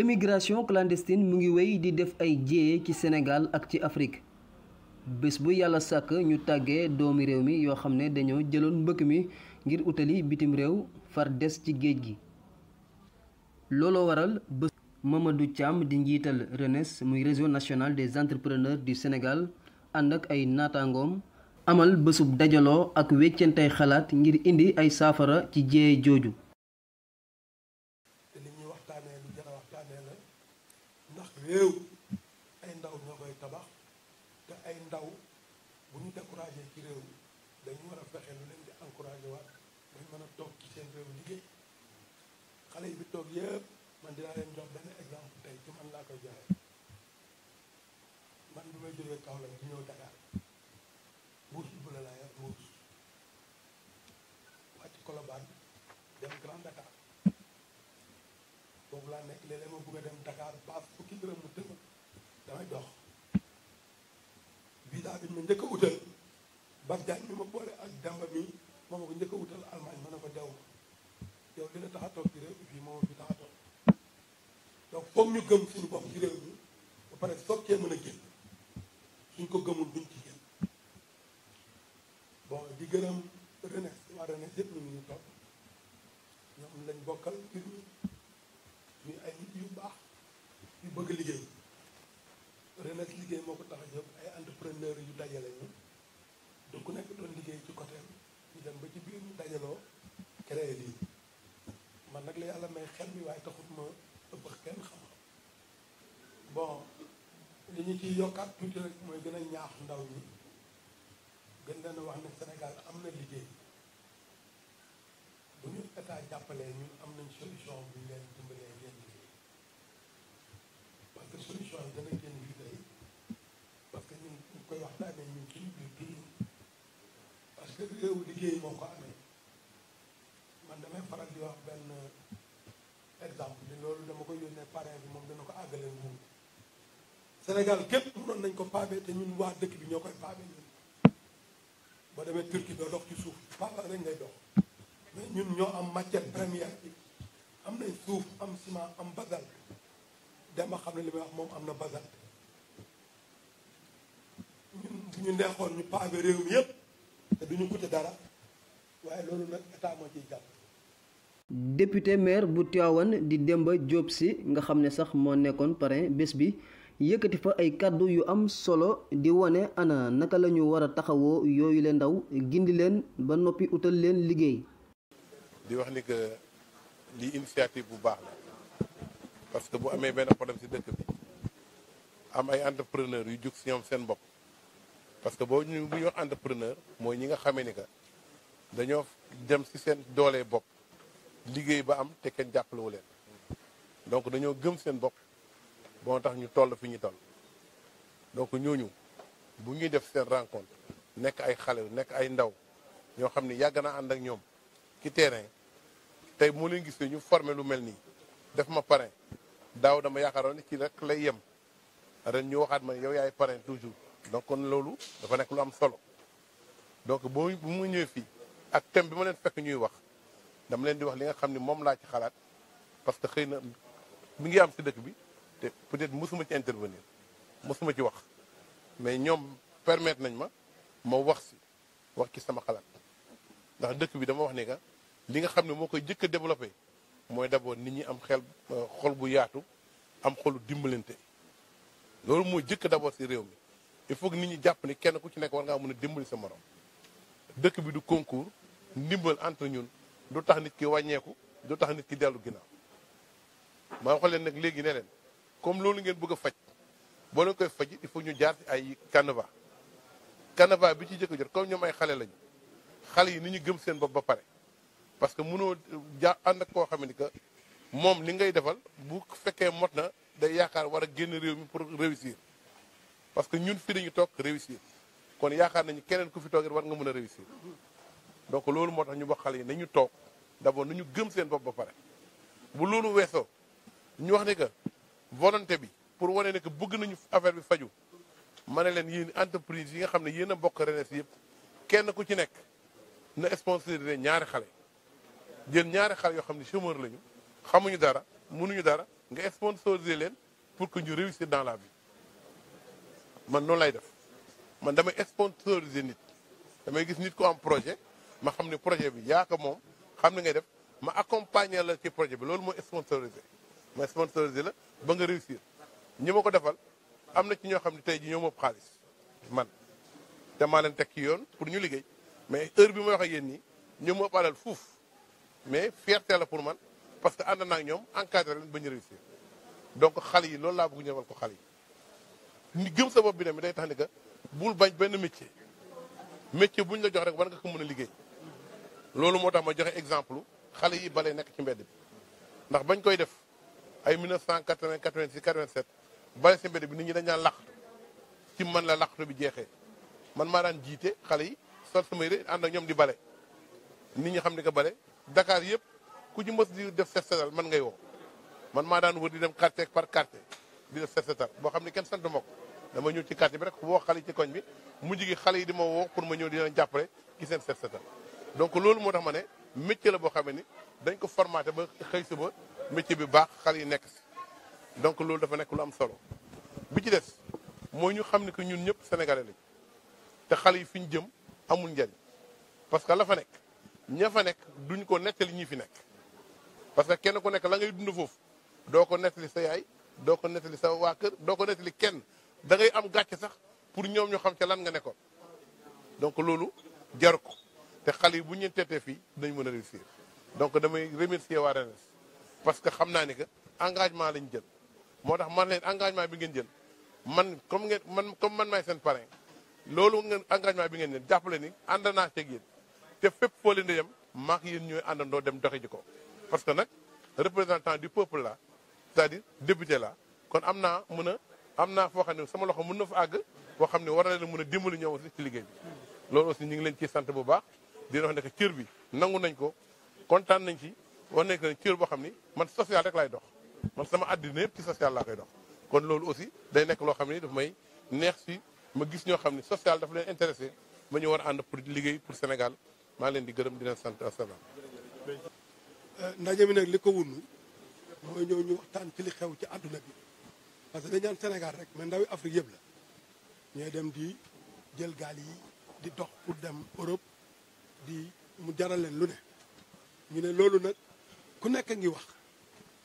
immigration clandestine mu ngi wéy di def ay jéye ci senegal ak ci Afrique bés bu yàlla sàkk ñu tàggee doomi réew mi yoo xam ne dañoo jëloon mbëkk mi ngir utali bitim réew far des ci géej gi looloo waral bés Mamadou càmm di njiital RENES muy réseau national des entrepreneurs du senegal ànd ak ay naataangoom amal bésub dajaloo ak weccentey xalaat ngir indi ay saafara ci jéye jooju réew ay ndaw ñoo koy tabax te ay ndaw bu ñu découragé ci réew dañu war a fexe lu leen di encouragé waat dañ mën a toog ci seen réew liggéey xale yi bi toog yëpp man dinaa leen jox benn exemple tey ci man laa koy joxe man bi may jógee Kaolack di ñëw Dakar bourse bu la laa yor bourse wàcc Colobane dem Grand Dakar boobu laa nekk léeg-léeg ma a dem Dakar paas dërëm mu dëgg damay dox visa bi ma njëkk a utal mi ma boole ak Demba mi moo ma ko njëkk a utal Allemagne ma ne ko dew yow dina tax a ci réew fii moom fi tax a toog foog ñu gëm suñu bopp ci réew mi ba pare soog mën a génn suñ ko gëmul duñ ci génn bon di gërëm renes waa renes yëpp ñu ñu topp ñoom lañ bokkal mbir mi ñu ay nit yu baax bëgg liggéey Renes liggéey moo ko tax a jóg ay entrepreneur yu dajale ñu du ku nekk doon liggéey ci côté ñu dem ba ci biir mu dajaloo créé lii man nag la yàlla may xel mi waaye taxut ma ëpp kenn xam bon li ñu ci yokkaat tuuti rek mooy gën a ñaax ndaw ñi gën leen wax ne Sénégal am na liggéey bu ñu état jàppalee ñun am nañ solution bu leen dimbalee yéen que solution yi dana génn bi tey parce que ñun ñu koy waxtaanee ñun suñu biir toujours parce que réew liggéey moo ko amee man damay faral di wax benn exemple bi loolu dama koy yónnee parrain bi moom dana ko mu nguur Sénégal képp mënoon nañ ko paabee te ñun waa dëkk bi ñoo koy paabee ñun boo demee Turquie doo dox ci suuf paaba rek ngay dox mais ñun ñoo am matière première am nañ suuf am ciment am bazal dama xam ne li may bu ñu maire bu Tivaouane di Demba Diop Sy nga xam ne sax moo nekkoon parrain bés bi yëkkati fa ay kàddu yu am solo di wane ana naka lañu ñu war a taxawoo yooyu leen ndaw gindi leen ba noppi utal leen liggéey. bu baax parce que bu amee benn problème si dëkk bi am ay entrepreneur yu jug si ñoom seen bopp parce que boo ñu bu ñu entrepreneur mooy ñi nga xamee ni que dañoo dem si seen doolee bopp liggéey ba am te kenn jàppalewu leen donc dañoo gëm seen bopp boo tax ñu toll fi ñu toll donc ñooñu bu ñuy def seen rencontre nekk ay xale nekk ay ndaw ñoo xam ni yàgg naa ànd ak ñoom ci terrain tey moo leen gis ñu formé lu mel nii def ma parrain daaw dama yaakaaroon ne ci rek lay yem ren ñu waxaat ma yow yaay parrain toujours donc kon loolu dafa nekk lu am solo donc boo bu mu ñëwee fii ak thème bi ma leen fekk ñuy wax dama leen di wax li nga xam ne moom laa ci xalaat parce que xëy na mi ngi am si dëkk bi te peut-être mosuma ci intervenir mosuma ci wax mais ñoom permettre nañ ma ma wax si wax ci sama xalaat ndax dëkk bi dama wax ne que li nga xam ne moo koy jëkk a développé mooy d'abord nit ñi am xel euh, xol bu yaatu am xolu dimbalante loolu mooy jëkk d'abord si réew mi il faut que nit ñi jàpp ni kenn ku ci nekk war ngaa mun a dimbali sa morom dëkk bi du concours ndimbal entre ñun du tax nit ki wàññeeku du tax nit ki dellu ginnaaw maa waxoon leen nag léegi ne leen comme loolu ngeen bëgg a faj boo leen koy faj il faut ñu jaar ci ay canevas canevas bi ci jëkk jot comme ñoom ay xale lañu xale yi ni ñu gëm seen bopp ba pare parce que mënoo euh, ja ànd ak koo xam ne que moom li ngay defal bu fekkee mot na day yaakaar war a génn réew mi pour réussir parce que ñun fii dañu toog réussir kon yaakaar nañu keneen ku fi toogee war nga mën a réussir donc loolu moo tax ñu wax xale yi nañu toog d'abord ñu gëm seen bopp ba pare bu loolu weesoo ñu wax ne que volonté bi pour wane ne que bugg nañu affaire bi faju ma ne leen yéen entreprise yi nga xam ne yéen a bokk RNES yëpp kenn ku ci nekk na sponsorisé ñaari xale jël ñaari xale yoo xam ne chômeur lañu xamuñu dara munuñu dara nga sponsoriser leen pour que ñu réussir dans la bi man noonu lay def man damay sponsoriser nit damay gis nit ko am projet ma xam ne projet bi yaa ko moom xam ne ngay def ma accompagner la ci projet bi loolu mooy sponsoriser ma sponsoriser la ba nga réussir ñi ma ko defal am na ci ñoo xam ne tey ji ñoo mopp xaalis man te damaa leen teg ci yoon pour ñu liggéey mais heure bi ma wax ak yéen nii ñoo mopp alal mais fierté la pour man parce que ànd naa ak ñoom encadré leen ba ñu réussir donc xale yi loolu laa bëgg ñëwal ko xale yi. ni sa bopp bi tamit day tax ni que bul bañ benn métier métier bu ñu la jox rek war nga ko mën a liggéey loolu moo tax ma joxe exemple xale yi bale nekk ci mbedd bi ndax bañ koy def ay 1980 86 87 bale si mbedd bi nit ñi dañ daan laqatu ci man la laqatu bi jeexee man maa daan jiite xale yi sol sama yére ànd ak ñoom di bale nit ñi xam ni que Dakar yëpp ku ñu mës di def set setal man ngay woo man maa daan wër di dem quartier par quartier di def set setal boo xam ne kenn sant ma dama ñëw ci quartier bi rek woo xale ci koñ bi mujj gi xale yi di ma woo pour ma ñëw di jàppale ci seen set loolu moo tax ne métier la boo xam ni dañ ko formaté ba xëy si ba bi baax xale yi nekk si donc loolu dafa nekk lu am solo bi ci des mooy ñu xam ni que ñun ñëpp sénégalais lañ te xale yi fi ñu jëm amul njariñ parce que la fa nekk. ña fa nekk duñ ko nettali ñi fi nekk parce que kenn ku nekk la ngay dund foofu doo ko nettali sa yaay doo ko nettali sa waa kër doo ko nettali kenn da am gàcce sax pour ñoom ñu xam ca lan nga nekkoon donc loolu jar ko te xale yi bu ñu teetee fii dañu mën a réussir donc damay remercier waa RNES parce que xam naa ni que engagement lañ jël moo tax man leen engagement bi ngeen jël man comme ngeen man comme man maay seen parrain loolu ngeen engagement bi ngeen jël jàppale ni ànd naa ceeg te fépp foo leen di yem maak yéen ñooy àndandoo dem doxi ji ko parce que nag représentant du peuple la c'est-à-dire député la kon am naa mën a am naa foo xam ne sama loxo mën na fa àgg boo xam ne war la leen mën a dimbali ñoom aussi liggéey bi loolu aussi ñu ngi leen ciy sant bu baax di wax ne cër bi nangu nañ ko kontaan nañ ci wax nañ que cër boo xam ni man social rek laay dox man sama àddina yëpp ci social laa koy dox kon loolu aussi day nekk loo xam ne daf may neex si ma gis ñoo xam ne social dafa leen intéressé ma ñu war ànd pour liggéey pour Sénégal maa leen di gërëm dina sant asalaam. Euh, ndaje mi nag li ko wunnu mooy ñëw ñu waxtaan ci li xew ci àdduna bi parce que dañ naan Sénégal rek mais ndawi Afrique yëpp la ñooy dem di jël gaal yi di dox pour dem Europe di mu jaral leen lu ne ñu ne loolu nag ku nekk ngi wax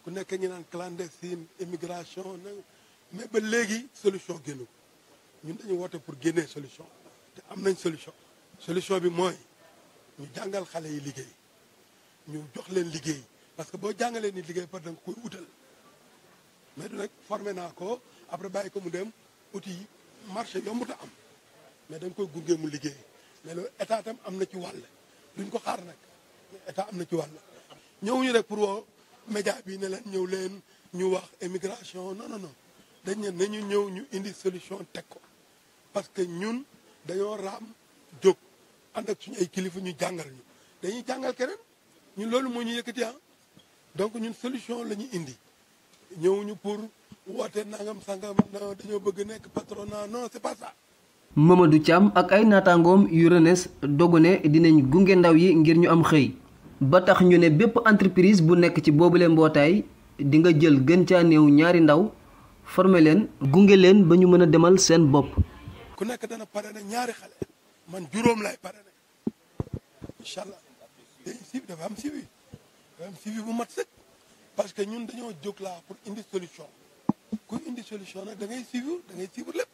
ku nekk ngi naan clandestine immigration na mais ba léegi solution génn ko ñun dañu woote pour génnee solution te am nañ solution solution bi mooy ñu jàngal xale yi liggéey ñu jox leen liggéey parce que boo jàngalee ni liggéey par da nga koy utal mais du nag formé naa ko après bàyyi ko mu dem outil marché yombuta am mais da nga koy gunge mu liggéey mais loolu état tam am na ci wàll duñ ko xaar nag état am na ci wàll ñëwuñu rek pour woo média bi ne leen ñëw leen ñu wax émigration non non non dañ ne nañu ñëw ñu indi solution teg ko parce que ñun dañoo raam jóg ànd ak suñu ay kilifa ñu jàngal ñu dañuy jàngal keneen ñun loolu moo ñu yëkkati ah. ñun solution la indi ñëwuñu pour woote nangam sangam dañoo bëgg nekk patronat non c'est pas ça. Mamadou ak ay naataangoom yu renes dogu ne dinañ gunge ndaw yi ngir ñu am xëy. ba tax ñu ne bépp entreprise bu nekk ci boobu boobule mbootaay di nga jël gën caa néew ñaari ndaw former leen gunge leen ba ñu mën a demal seen bopp. ku nekk dana pare na ñaari xale. man juróom lay pare ne incha allah te si dafa am suivi dafa bu mat sëkk parce que ñun dañoo jóg laa pour indi solution ku indi solution nag da ngay suivre da ngay suivre lépp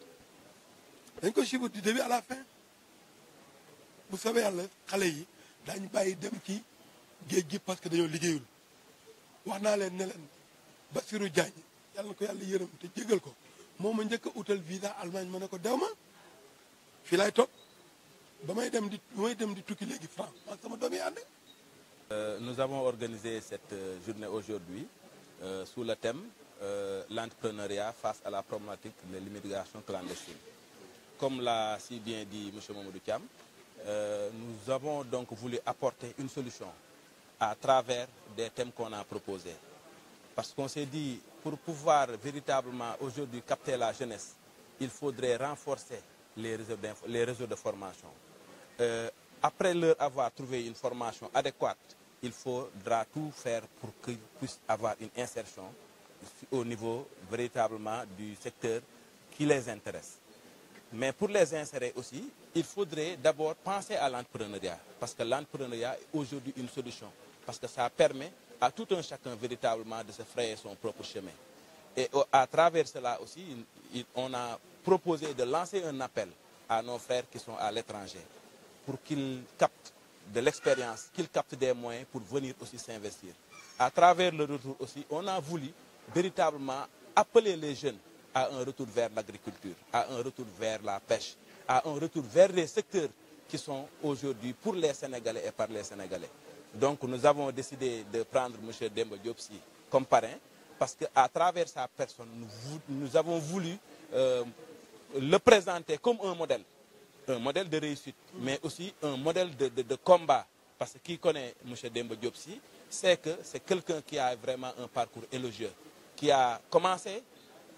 dañ ko suivre di début à la fin bu soobee yàlla xale yi daañu bàyyi dem ci géej gi parce que dañoo liggéeyul wax naa leen ne leen Basirou Diagne yàlla na ko yàlla yërëm te jégal ko moom ma njëkk a utal visa Allemagne ma ne ko dew ma fii lay toog ba may dem di ba may dem di tukki léegi franc man sama doom yi ànd. Euh, nous avons organisé cette euh, journée aujourd'hui euh, sous le thème euh, l'entrepreneuriat face à la problématique de l'immigration clandestine. Comme l'a si bien dit M. Mamoudou Thiam, euh, nous avons donc voulu apporter une solution à travers des thèmes qu'on a proposés. Parce qu'on s'est dit, pour pouvoir véritablement aujourd'hui capter la jeunesse, il faudrait renforcer les réseaux, les réseaux de formation. euh, après leur avoir trouvé une formation adéquate, il faudra tout faire pour qu'ils puissent avoir une insertion au niveau véritablement du secteur qui les intéresse. Mais pour les insérer aussi, il faudrait d'abord penser à l'entrepreneuriat, parce que l'entrepreneuriat est aujourd'hui une solution, parce que ça permet à tout un chacun véritablement de se frayer son propre chemin. Et à travers cela aussi, on a proposé de lancer un appel à nos frères qui sont à l'étranger, pour qu'ils captent de l'expérience, qu'ils captent des moyens pour venir aussi s'investir. À travers le retour aussi, on a voulu véritablement appeler les jeunes à un retour vers l'agriculture, à un retour vers la pêche, à un retour vers les secteurs qui sont aujourd'hui pour les Sénégalais et par les Sénégalais. Donc nous avons décidé de prendre M. Dembo Diopsi comme parrain parce que à travers sa personne, nous, nous avons voulu euh, le présenter comme un modèle un modèle de réussite, mais aussi un modèle de, de, de combat. Parce que qui connaît M. Demba Diopsi sait que c'est quelqu'un qui a vraiment un parcours élogieux, qui a commencé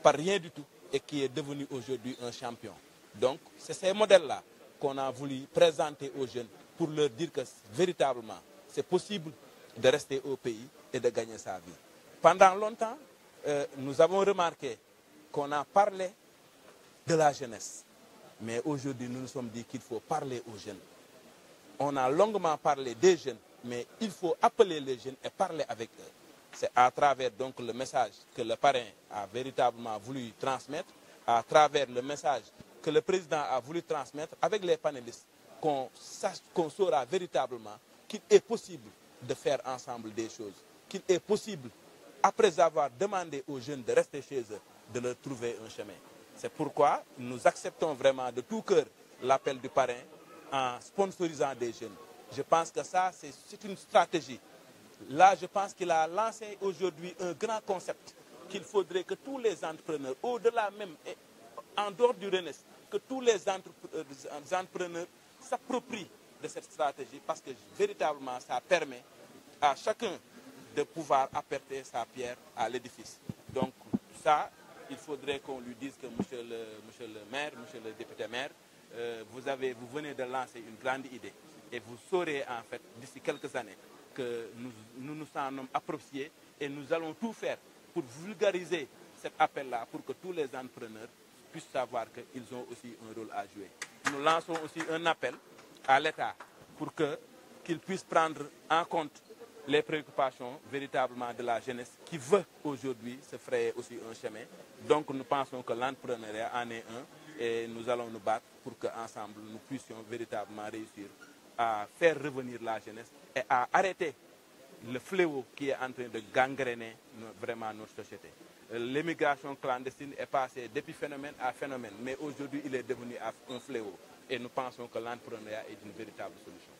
par rien du tout et qui est devenu aujourd'hui un champion. Donc, c'est ces modèles-là qu'on a voulu présenter aux jeunes pour leur dire que véritablement, c'est possible de rester au pays et de gagner sa vie. Pendant longtemps, euh, nous avons remarqué qu'on a parlé de la jeunesse. Mais aujourd'hui, nous nous sommes dit qu'il faut parler aux jeunes. On a longuement parlé des jeunes, mais il faut appeler les jeunes et parler avec eux. C'est à travers donc le message que le parrain véritablement voulu transmettre, à travers le message que président a voulu transmettre avec les panélistes, qu'on qu'on saura véritablement qu'il est possible de faire ensemble des choses, qu'il est possible, après avoir demandé aux jeunes de rester chez eux, de leur trouver un chemin. C'est pourquoi nous acceptons vraiment de tout cœur l'appel du parrain en sponsorisant des jeunes. Je pense que ça, c'est une stratégie. Là, je pense qu'il a lancé aujourd'hui un grand concept qu'il faudrait que tous les entrepreneurs, au-delà même, en dehors du RENES, que tous les euh, entrepreneurs s'approprient de cette stratégie parce que véritablement, ça permet à chacun de pouvoir apporter sa pierre à l'édifice. Donc il faudrait qu'on lui dise que monsieur le, maire, monsieur le député maire, euh, vous, avez, vous venez de lancer une grande idée. Et vous saurez en fait, d'ici quelques années, que nous nous, nous en sommes appropriés et nous allons tout faire pour vulgariser cet appel-là, pour que tous les entrepreneurs puissent savoir qu'ils ont aussi un rôle à jouer. Nous lançons aussi un appel à l'État pour que qu'il prendre en compte les préoccupations véritablement de la jeunesse qui veut aujourd'hui se frayer aussi un chemin. Donc nous pensons que l'entrepreneuriat en est un et nous allons nous battre pour qu'ensemble nous puissions véritablement réussir à faire revenir la jeunesse et à arrêter le fléau qui est en train de gangréner vraiment notre société. Euh, l'immigration clandestine est passée depuis phénomène à phénomène, mais aujourd'hui il est devenu un fléau et nous pensons que l'entrepreneuriat est solution.